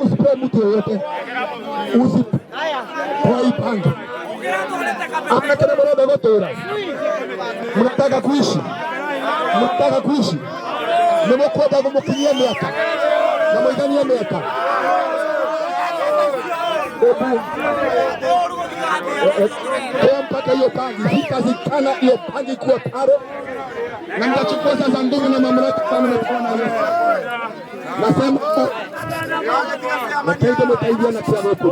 usitoe mtu yoyote usitwaipanga amna kena manaodagotora mnataka kuishi mnataka kuishi nimukwenda kumukinyia miaka na mwigania miaka obu kwa mpaka hiyo pangi sitazikana hiyo pangi kuwa taro na nitachukua sasa ndungu na mamlaka kama natawala nasema muteithe muteithie na cia guku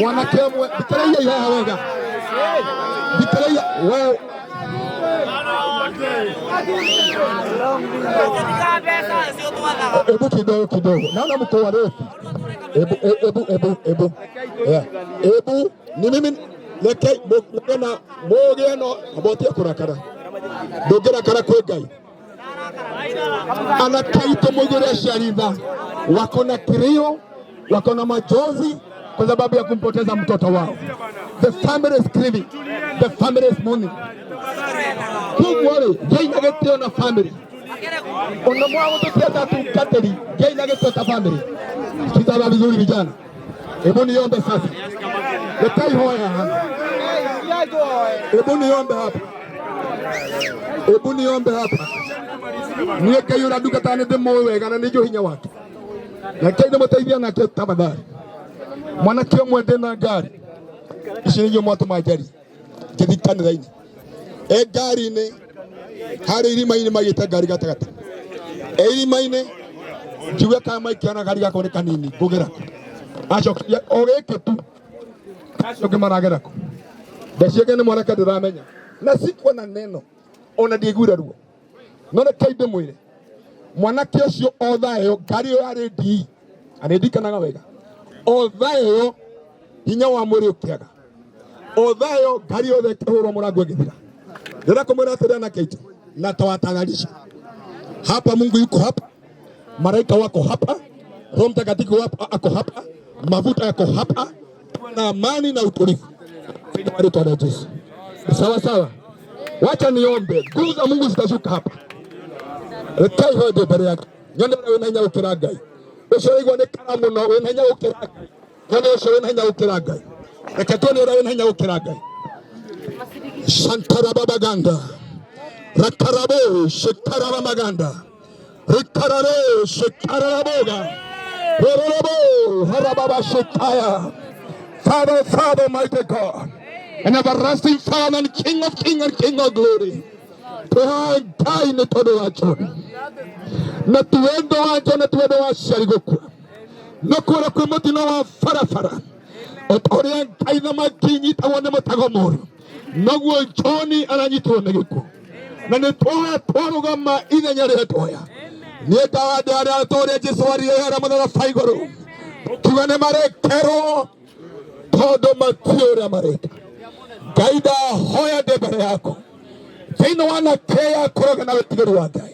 mwanake umwe thikiriria ireha wega thikiriria we ebu kidogo kidogo naona mko warefu ebu e, ebu ebu ebu ebu ni mimi leke mugena mugeno abotie kurakara ndugirakara kwi ngai anakaitå må igå rä wako na kilio, wako na machozi kwa sababu ya kumpoteza mtoto wao. The family is grieving, the family is mourning. Don't worry, jai nagetio na family unamwa mtu kiaza tu kateli, jai nagetio ta family. Kitaba vizuri vijana, hebu niombe sasa, letai hoya hebu niombe hapa, hebu niombe hapa, niweke yura duka tani demo wega na nijo hinya watu lakini nä må teithia nake mwanake mwe na ngari ici nä inyuä mwatå njari ngä e gari ni harä irima-inä magä te ngari gatagatä e irima-inä ngiuga kana maikiana gari gako ni kanini ngå acho kå o gä kä tu acio ngä maragera kå mwanake ndä ramenya na sikwa na neno ona digura ruo no kaide kai re mwanake ucio othayo ngari yo ari ndii anindikanaga wega othayo hinya wa mwiri ukiaga othayo ngari yothe ikihurwo murango igithira ndirakumwira atiri anake aitu na tawatang'arisha hapa mungu yuko hapa maraika wako hapa roho mtakatifu ako hapa mavuta yako hapa na amani na utulivu kwa katika wale Yesu sawa sawa wacha niombe nguvu za mungu zitashuka hapa rutaihwo ndu mbere yaku nyone uria wina hinya ngai ucio ni kara muno ngai nyone ucio ngai tuone ngai rakarabo rikarare harababa shikaya Father, Father, mighty God, and everlasting Father, and King of King and King of glory. Thank you, na tuwendo wanje na tuwendo wa sharigukura no kura kwi na wa barabara o ta uria ngai thamaki inyitagwo ni matagomoro na noguo joni aranyitirwo ni gikuo na ni twoya twarugama ithenya riria twoya ni ndawande aria turia jesu warire aria muthona baiguru tuga ni marekerwo tondu matiå å rä a mareka ngai ndahoya ndä mbere yaku thä inä wa nake ya kå roga na wä tigä ri wa ngai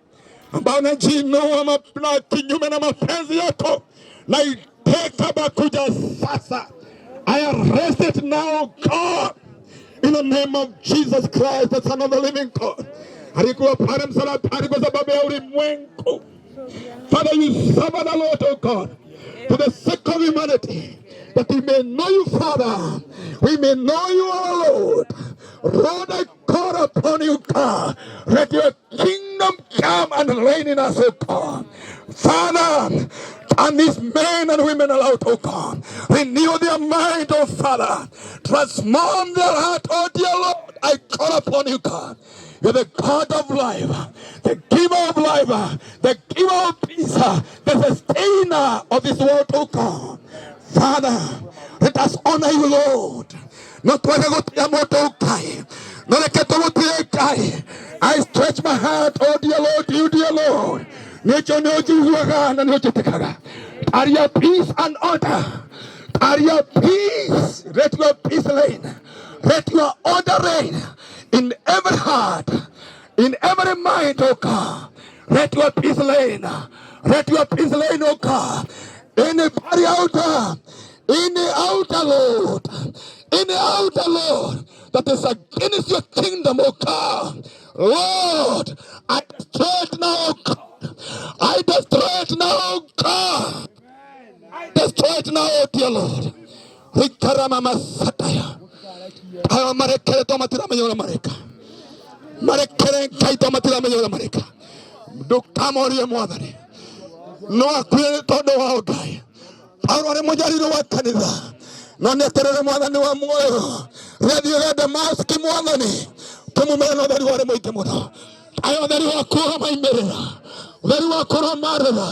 Wanajinua kinyume na mapenzi yako, naiteka Bakuja sasa. I arrest it now God, in the name of Jesus Christ the son of the living God. Alikuwa pale msalabani kwa sababu ya ulimwengu. Father, you suffer the Lord, oh God, for the sake of humanity, that we may know you, Father. We may know you, our Lord. Lord, I call upon you, God. Let your king kingdom come and reign in us, O God. Father, and these men and women allowed, O God, renew their mind, O Father. Transform their heart, O dear Lord. I call upon you, God. You're the God of life, the giver of life, the giver of peace, the sustainer of this world, O God. Father, let us honor you, Lord. Not to I stretch my heart, oh dear Lord, you dear Lord. Nature knows you are and you Are your peace and order? Are your peace? Let your peace reign. Let your order reign in every heart, in every mind, O oh God. Let your peace reign. Let your peace reign, O oh God. Any barrier outer, any outer Lord, any outer Lord. that is against your kingdom, oh God. Lord, I destroy now, I destroy now, God. I destroy it now, oh dear Lord. Rikarama masataya. Ayo marekere to matira menyora mareka. Marekere kai to matira menyora mareka. Ndukamorie mwathani. No akuire tondu wa Ngai. Paulo arĩ mũnyarirũ wa kanitha na neterere mwathani wa muoyo rethi renda damaski mwathani na theri wari muingi muno ayo theri wa kuha maimirira theri wa kuromarira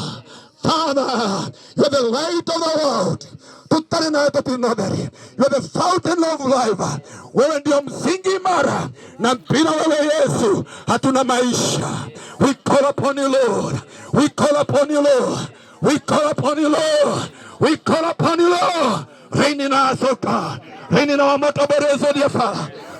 Father, you're the light of the world tutari nawe tutinodhari you're the fountain of life. Wewe ndio msingi imara na bila wewe Yesu hatuna maisha. We call upon you Lord, we call upon you Lord, we call upon you Lord, we call upon you Lord. Reign in our oh God. Reign in our motorbores,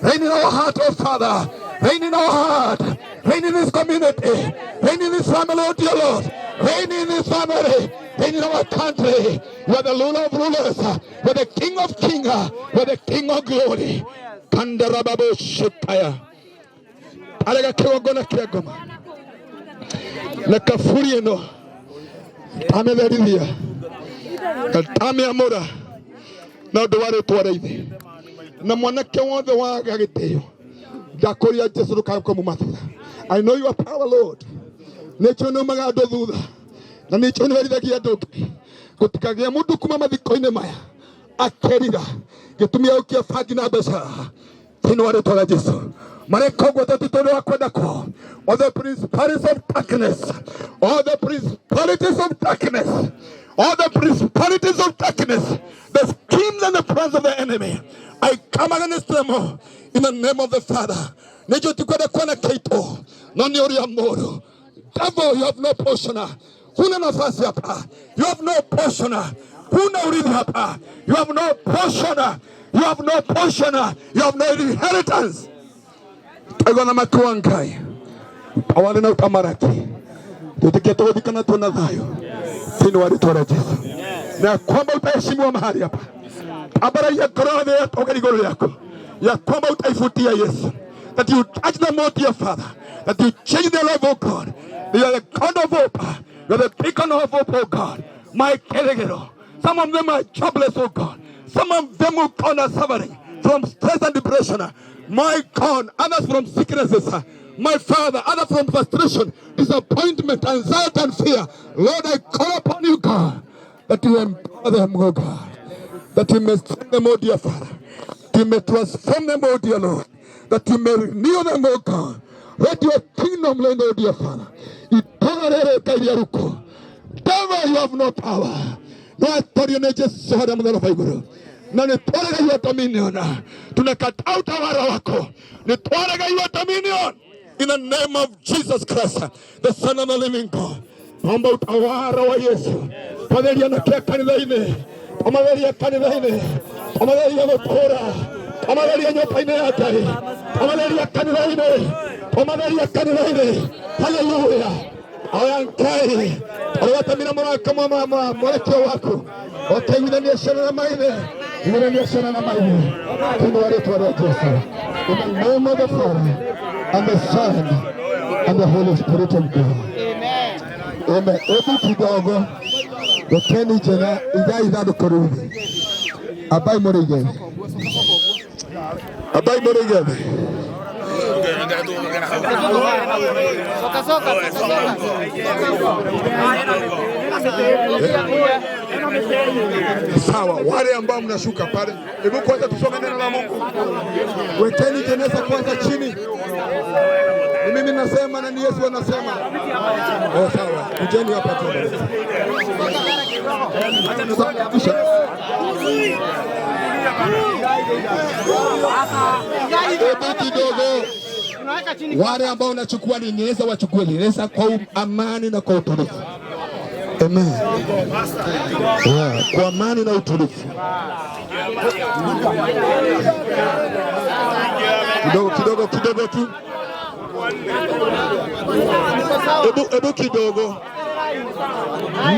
Reign in our heart, O Father. Reign in our heart. Reign in this community. Reign in this family, O dear Lord. Reign in this family. Reign in our country. we are the ruler of rulers. we are the king of kings. we are the king of glory. Kandarababo Shitaya. Alaga kiwagona kiagoma. Nakafuri no. Tame veridhia. Tame amora. na ndu wa ritwa ithe na mwanake wothe wa gagitio ndakuria jesu ndukaguka muma thutha i know you are power lord nicio niumaga andu thutha na nicio niwerithagia andu gutikagia mundu kuma mathiko-ini maya akerira gitumi aukia bangi na mbeca thiini wa ritwa ria jesu marekogwata tutoni wa kwenda kwao all the principalities of darkness all the principalities of darkness all the principalities of darkness, the schemes and the plans of the enemy. I come against them all oh, in the name of the Father. Nejo tukwenda kuwa na Kaito, nani ori amoro. Devil, you have no portion. Huna nafasi hapa. You have no portion. Huna urithi hapa. You have no portion. You have no portion. You have no inheritance. Tego Tegona makuangai. Pawale na utamaraki. Tutiketogodikana tunadhayo. Yes. na kwamba utaheshimiwa mahali hapa. ya korona yako, ya kwamba utaifutia Yesu, that you touch the mouth, dear Father, that you change the life, oh God. You are the God of hope, you are the beacon of hope, oh God. My Kelegero, some of them are jobless, oh God. Some of them, oh are suffering from stress and depression. My God, others from sicknesses. my Father, other from frustration, disappointment, anxiety, and fear. Lord, I call upon you, God, that you empower them, oh God, that you may strengthen them, oh dear Father, that you may transform them, oh dear Lord, that you may renew them, oh God. Let your kingdom reign, oh dear Father. Itararerekaiyaruko. Devil, you have no power. No authority on Yesu damu la Bwana. Na nitware hiyo dominion. Tunakataa utawala wako. Nitware hiyo dominion in the name of Jesus Christ, the Son of the living God. Naomba utawala wa Yesu kwa dhali ya kanisa hili, kwa madhali ya kanisa hili, kwa madhali ya mapora, kwa madhali ya nyota ine hatari, kwa madhali ya kanisa hili, kwa madhali ya kanisa hili. Haleluya! oyankai owatamira murakamwa mama mwelekeo wako otaiwinaniashana na maine iwinaniashana na maine tendo waletu waliwatesa in the name of the Father and the Son and the Holy Spirit of God Amen. Hebu kidogo dokeni jena ija ija abai morigeni abai morigeni Sawa, wale ambao mnashuka pale, hebu kwanza tusome neno la Mungu. Weteni jeneza kwanza chini. Ni mimi nasema na ni Yesu anasema. Oh, sawa. Kujeni hapa kidogo wale ambao unachukua linyereza wachukue linyereza kwa amani na kwa utulivu. Amen. Yeah, kwa amani na utulivu kidogo kidogo kidogo tu, ebu kidogo.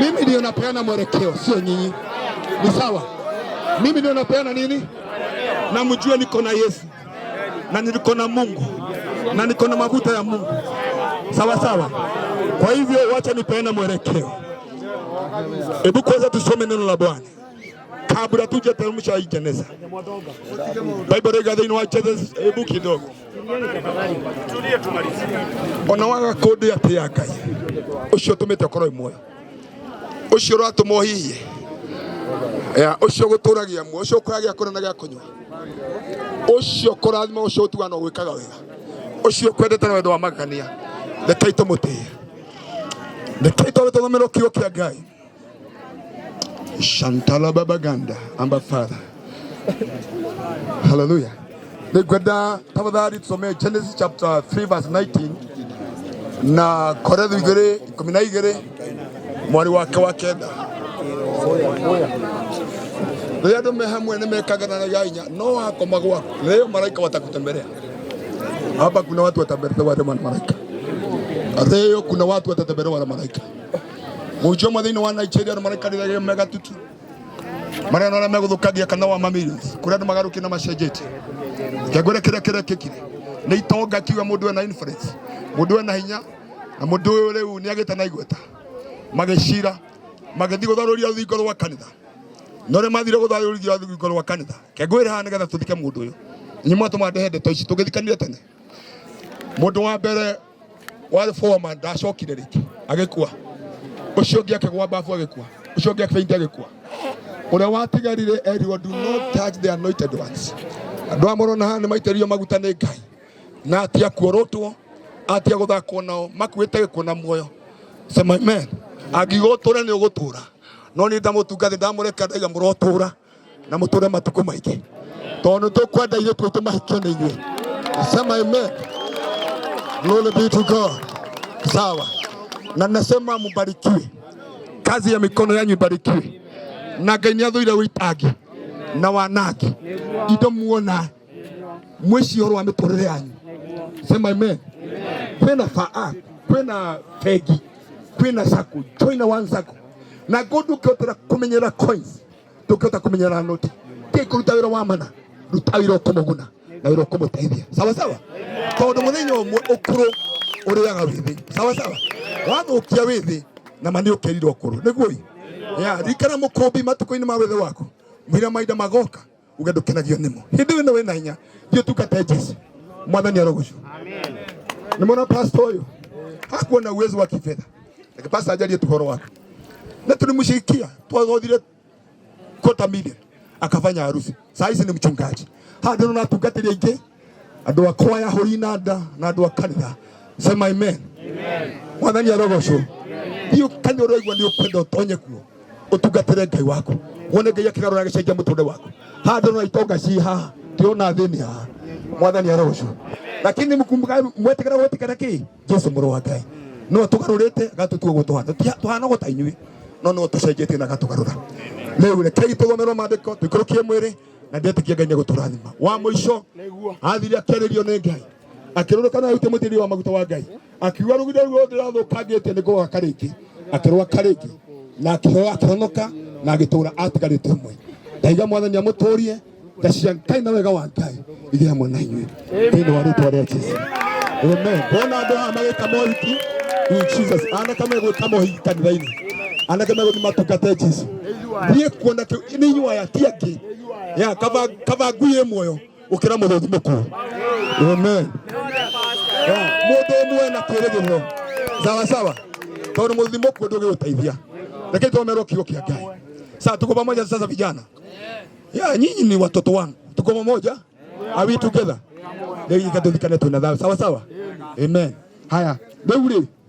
Mimi ndio napeana mwelekeo, sio nyinyi. Ni sawa? Mimi ndio napeana nini? Namjua niko na Yesu na niliko na Mungu na niko na mafuta ya Mungu sawa sawa. Kwa hivyo wacha nipeane mwelekeo. Hebu kwanza tusome neno la Bwana kabla tujateremsha hii jeneza. Bible gathering wacheze, hebu kidogo tulie, tumalize. onawaga kundu ati ya Ngai ucio tumite ukorwo imwe ucio uratuma uhiie ucio gutoragia mwe ucio ukuragia kuria na gia kunywa ucio kurathima ucio utuga no gwikaga wega ucio kwendete na wendo wa magania rekei tũmũtĩe rekei twambe tũthomere kiugo kia ngai shantala baba ganda amba father haleluya nĩngwenda tafadhali tusomee genesis chapter 3 verse 19 na korintho igĩrĩ ikũmi na igĩrĩ mwari wake wa kenda rĩrĩa andũ me hamwe nĩ mekagana na gainya no wakoma gwaku rĩo maraika watakutembelea hapa kuna watu watatembelewa na malaika. Athayo kuna watu watatembelewa na malaika. Mujo thini wa Nigeria na malaika ndio mega tutu. Mara na mega guthukagia kana wa mamili. Kuna ndo magaruki na macenjeti. Kagore kira kira kikire. Na itonga kiwa mudu na influence. Mudu na hinya na mudu uyu ni ageta na igweta. Magicira magithi gutharuria ruthingo wa kanitha. Nore mathire gutharuria ruthingo wa kanitha. Kagore hana gatha tuthike mundu uyu. Nyimwa tumande hende toici tugithikanire tene mundu wa mbere warä foreman ndacokire rä ngä agäkua å cio å ngä akegwa mbabu agäkua å cio å watigarire erirwo do not touch the anointed ones andå a morona haha nä maitärĩrio maguta nä ngai na atia kuorotwo atia gå thakwo nao makuä te muoyo semamen angiuga å tå re nä no nä ndamå tungathä ndaiga må na må tå re matukå maingä tondå tå kwenda ithuä twä tå mahikio nä Glory be to God. Sawa, na nasema mubarikiwe, kazi ya mikono yanyu ibarikiwe, na Ngai niathuire witangi na wanangi indo muona mwicioro wa miturire yanyu. Sema amen. Kwena faa kwena fegi kwena saku joina one saku na godu kiotera kumenyera coins tukiota kumenyera noti kikuruta wira wamana ruta wira ukumuguna na wira ukumutethia sawa sawa tondu muthenya umwe ukuru uriaga withi sawa sawa wathukia withi na mani ukirirwo ukuru niguo ya rikana mukumbi matukuini ma withi waku mwira maida magoka uge ndukenagio nimo hindi wino wina hinya thio tungate Jesu mwathani arogocu ni mona pastor uyu hakuwa na uwezo wa kifedha lakini pastor ajalie tuhoro wake na tulimshikia twagodhile kota milioni akafanya harusi saa hizi ni mchungaji handå no natungatä ria ingä andå a kwaya hå ri na nda na andå a sema amen mwathani arogocwo thiå kanitha å aigua nä å kwenda å tonye kuo å tungatä re ngai waku wone ngai akä garå ra gä cenjia må tå rä waku handå no itonga ci haha tä ona thä ni haha mwathani arogocwo lakini mkumbuka mwetikira gwetikira ki Jesu muru wa Ngai no tugarurite gatu tuo gutuhana tuhana guta inyui no no tucenjetie na gatugarura leo rekei tugomerwo maandiko tuikurukie mwiri na ndetikia ngai nä gå wa må ico athire akäarä nä ngai akä kana aute må tä wa maguta wa ngai akiuga rå gida ruo ndä rathå kangä te nä ngå na akä honoka na agä tå ra atigarä te mwe ndaiga mwathani amå nda cia ngai na wega wa ngai irä hamwe na inyuä thä inä wa rä twa rä a jesu mbona andå haha magä ta mohiki anake megwä ta mohiki kanitha-inä anake megå thi matungate jesu thiä kuona kä nä inyuaya ti angä ya kava kava guye moyo ukira muthothi muku amen do mwe na kwirigirwo sawa sawa tondu muthothi muku ndu giguteithia to mero kio kia ngai sasa tuko pamoja sasa vijana ya nyinyi ni watoto wangu tuko pamoja are we together ndio ikatuthikane tuna sawa sawa amen haya ndio